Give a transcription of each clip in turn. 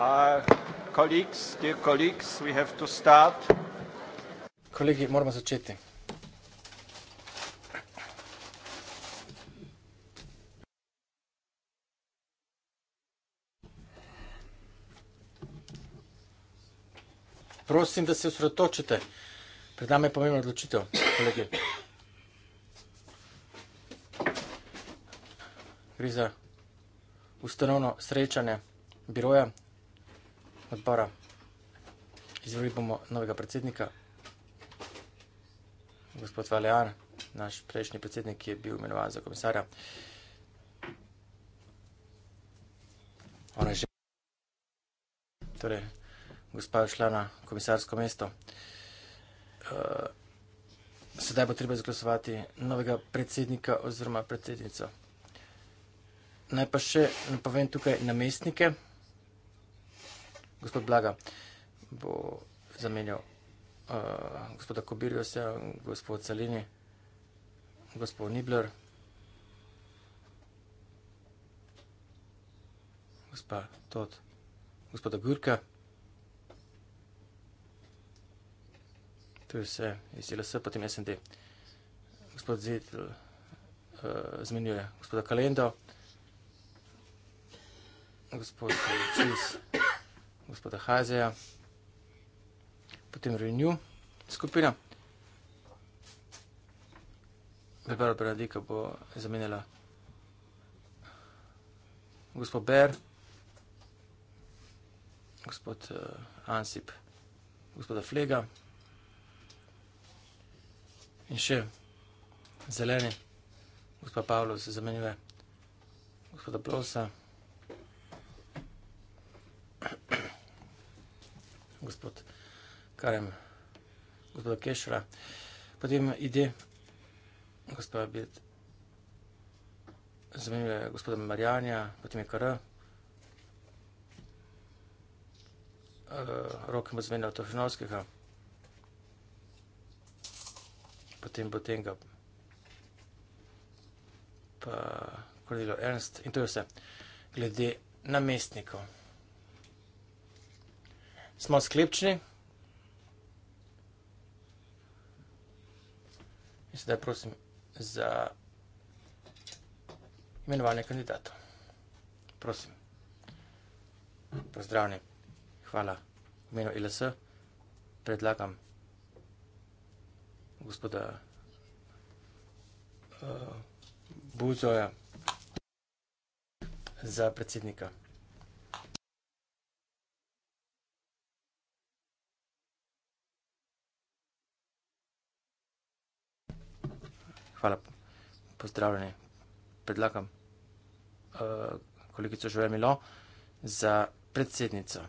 Uh, colleagues, dear colleagues, we have to start. Kolegi, moramo začeti. Prosim, da se osredotočite. Pred nami je pomembna odločitev, kolegi. Gre za ustanovno srečanje biroja odbora. Izvolili bomo novega predsednika, gospod Valean, naš prejšnji predsednik, ki je bil imenovan za komisarja. Ona je že. Torej, gospa je šla na komisarsko mesto. Uh, sedaj bo treba izglasovati novega predsednika oziroma predsednico. Naj pa še napovem tukaj namestnike gospod Blaga bo zamenjal uh, gospoda Kobirjosa, gospod Salini, gospod Nibler, gospa Tod, gospoda Gurka. To je vse iz LS, potem SND. Gospod Zetl uh, eh, zmenjuje gospoda Kalendo, gospod Čus. Uh, gospoda Hazeja, potem Renew skupina. Barbara Bradika bo zamenjala gospod Ber, gospod eh, Ansip, gospoda Flega in še zeleni, gospod Pavlo se zamenjuje, gospoda Blosa. gospod Karem, gospod Kešra, potem ide gospod Bet, zanimivo je gospod Marjanja, potem je KR. Uh, eh, roke bo zmenil Tošinovskega, potem bo tega, pa Kornilo Ernst in to je vse. Glede namestnikov smo sklepčni. In sedaj prosim za imenovanje kandidatov. Prosim. Pozdravljeni. Hvala. V imenu ILS predlagam gospoda uh, Buzoja za predsednika. Hvala, pozdravljeni. Predlagam uh, kolegico Žuje Milo za predsednico.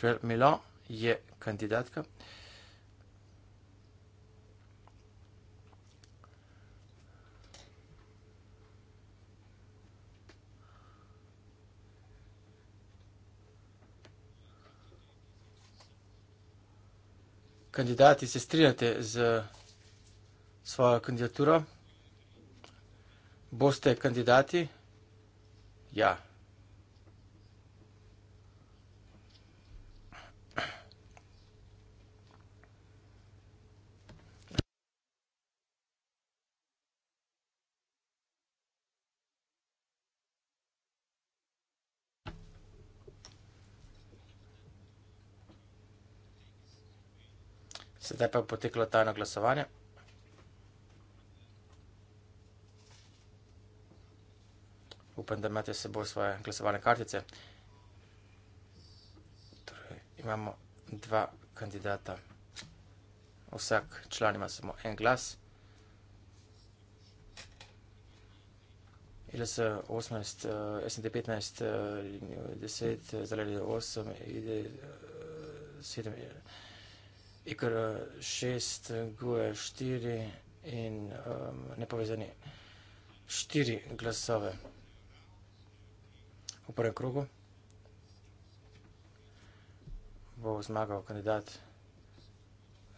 Žuje Milo je kandidatka. kandidati se strinjate z svojo kandidaturo? Boste kandidati? Ja. Sedaj pa je poteklo tajno glasovanje. Upam, da imate seboj svoje glasovalne kartice. Torej, imamo dva kandidata. Vsak član ima samo en glas. ILS 18, uh, SND 15, uh, 10, uh, zaledi 8, ID uh, 7. Uh, Ikr 6, eh, eh, GUE 4 in um, nepovezani 4 glasove v prvem krogu. Bo zmagal kandidat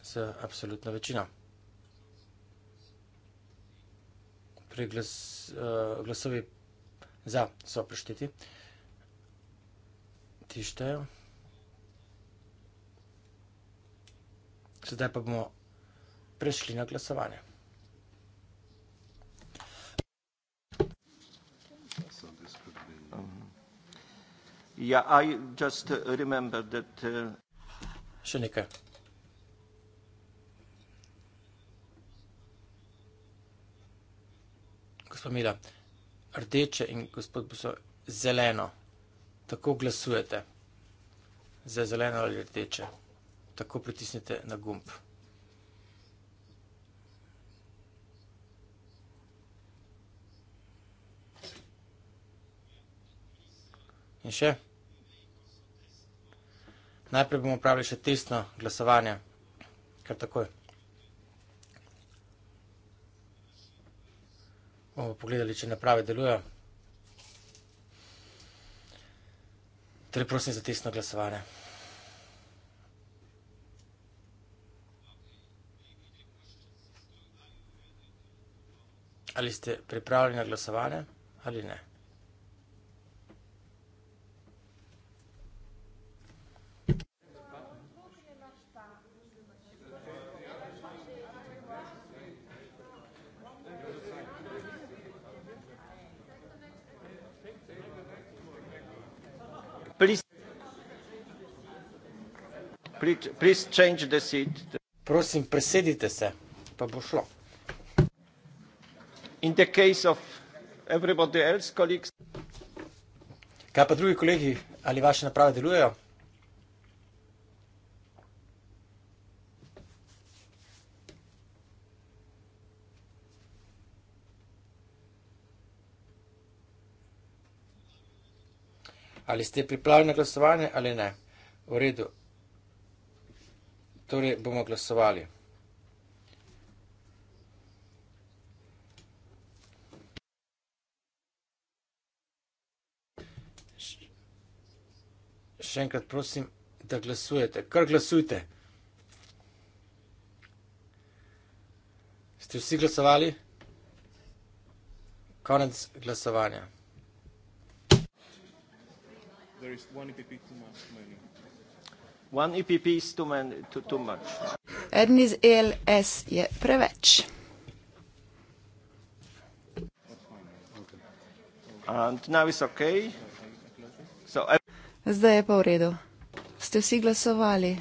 z absolutno večino. Pri glas, uh, glasovi za so prešteti. Ti štejo. Zdaj pa bomo prešli na glasovanje. Yeah, ja, I just uh, remember that. Uh... Gospod Mila, rdeče in gospod Buso, zeleno, tako glasujete. Za zeleno ali rdeče tako pritisnite na gumb. In še. Najprej bomo pravili še testno glasovanje. Kar takoj. Bomo pogledali, če naprave delujo. Torej prosim za testno glasovanje. ali ste pripravljeni na glasovanje ali ne. Please, please change the seat. Prosim, presedite se, pa bo šlo in the case of everybody else colleagues. Kaj pa drugi kolegi, ali vaše naprave delujejo? Ali ste pripravljeni na glasovanje ali ne? V redu. Torej bomo glasovali. še enkrat prosim, da glasujete. Kar glasujte. Ste vsi glasovali? Konec glasovanja. Eden iz ELS je preveč. And now it's okay. So I Zdaj je pa v redu. Ste vsi glasovali?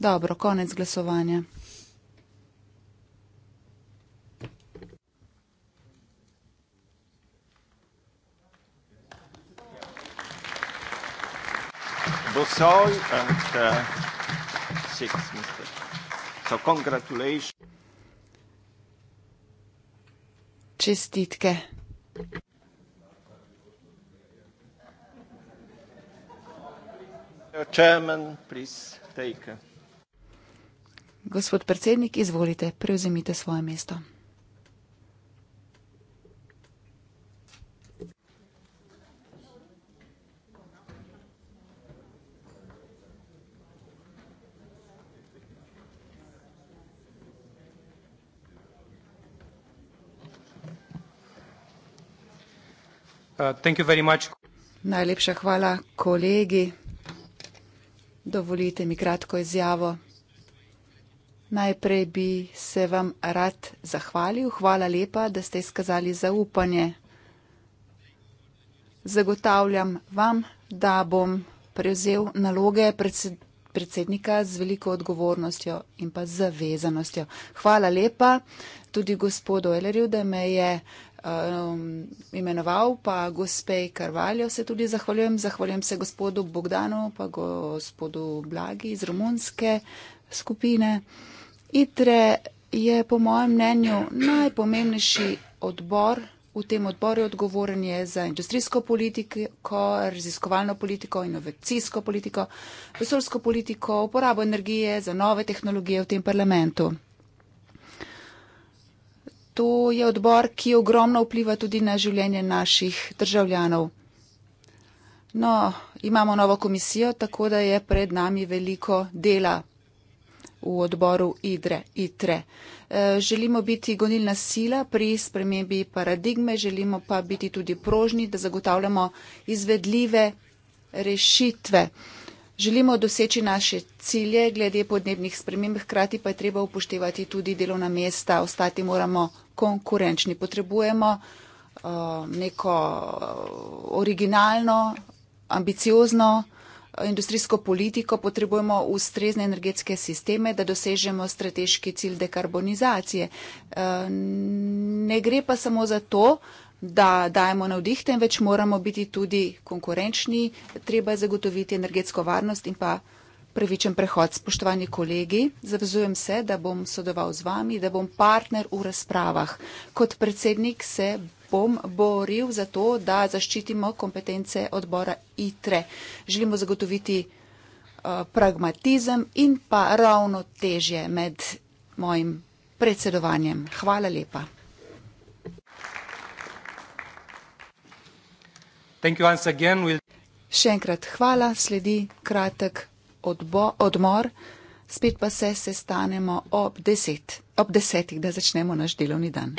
Dobro, konec glasovanja. Uh, Čestitke. Chairman, take. Gospod predsednik, izvolite, prevzemite svoje mesto. Uh, thank you very much. Najlepša hvala, kolegi dovolite mi kratko izjavo. Najprej bi se vam rad zahvalil. Hvala lepa, da ste izkazali zaupanje. Zagotavljam vam, da bom prevzel naloge predsednika predsednika z veliko odgovornostjo in pa zavezanostjo. Hvala lepa tudi gospodu Elerju, da me je um, imenoval, pa gospej Karvaljo se tudi zahvaljujem. Zahvaljujem se gospodu Bogdanu, pa gospodu Blagi iz romunske skupine. Itre je po mojem mnenju najpomembnejši odbor V tem odboru odgovoren je za industrijsko politiko, raziskovalno politiko, inovacijsko politiko, vesolsko politiko, uporabo energije za nove tehnologije v tem parlamentu. To je odbor, ki ogromno vpliva tudi na življenje naših državljanov. No, imamo novo komisijo, tako da je pred nami veliko dela v odboru IDRE. ITRE. Eh, želimo biti gonilna sila pri spremembi paradigme, želimo pa biti tudi prožni, da zagotavljamo izvedljive rešitve. Želimo doseči naše cilje glede podnebnih sprememb, hkrati pa je treba upoštevati tudi delovna mesta, ostati moramo konkurenčni. Potrebujemo uh, neko eh, originalno, ambiciozno, industrijsko politiko, potrebujemo ustrezne energetske sisteme, da dosežemo strateški cilj dekarbonizacije. E, ne gre pa samo za to, da dajemo na vdih, temveč moramo biti tudi konkurenčni, treba je zagotoviti energetsko varnost in pa pravičen prehod. Spoštovani kolegi, zavezujem se, da bom sodeloval z vami, da bom partner v razpravah. Kot predsednik se bom boril za to, da zaščitimo kompetence odbora ITRE. Želimo zagotoviti eh, pragmatizem in pa ravno težje med mojim predsedovanjem. Hvala lepa. We'll... Še enkrat hvala, sledi kratek odbo, odmor, spet pa se sestanemo ob, deset, ob desetih, da začnemo naš delovni dan.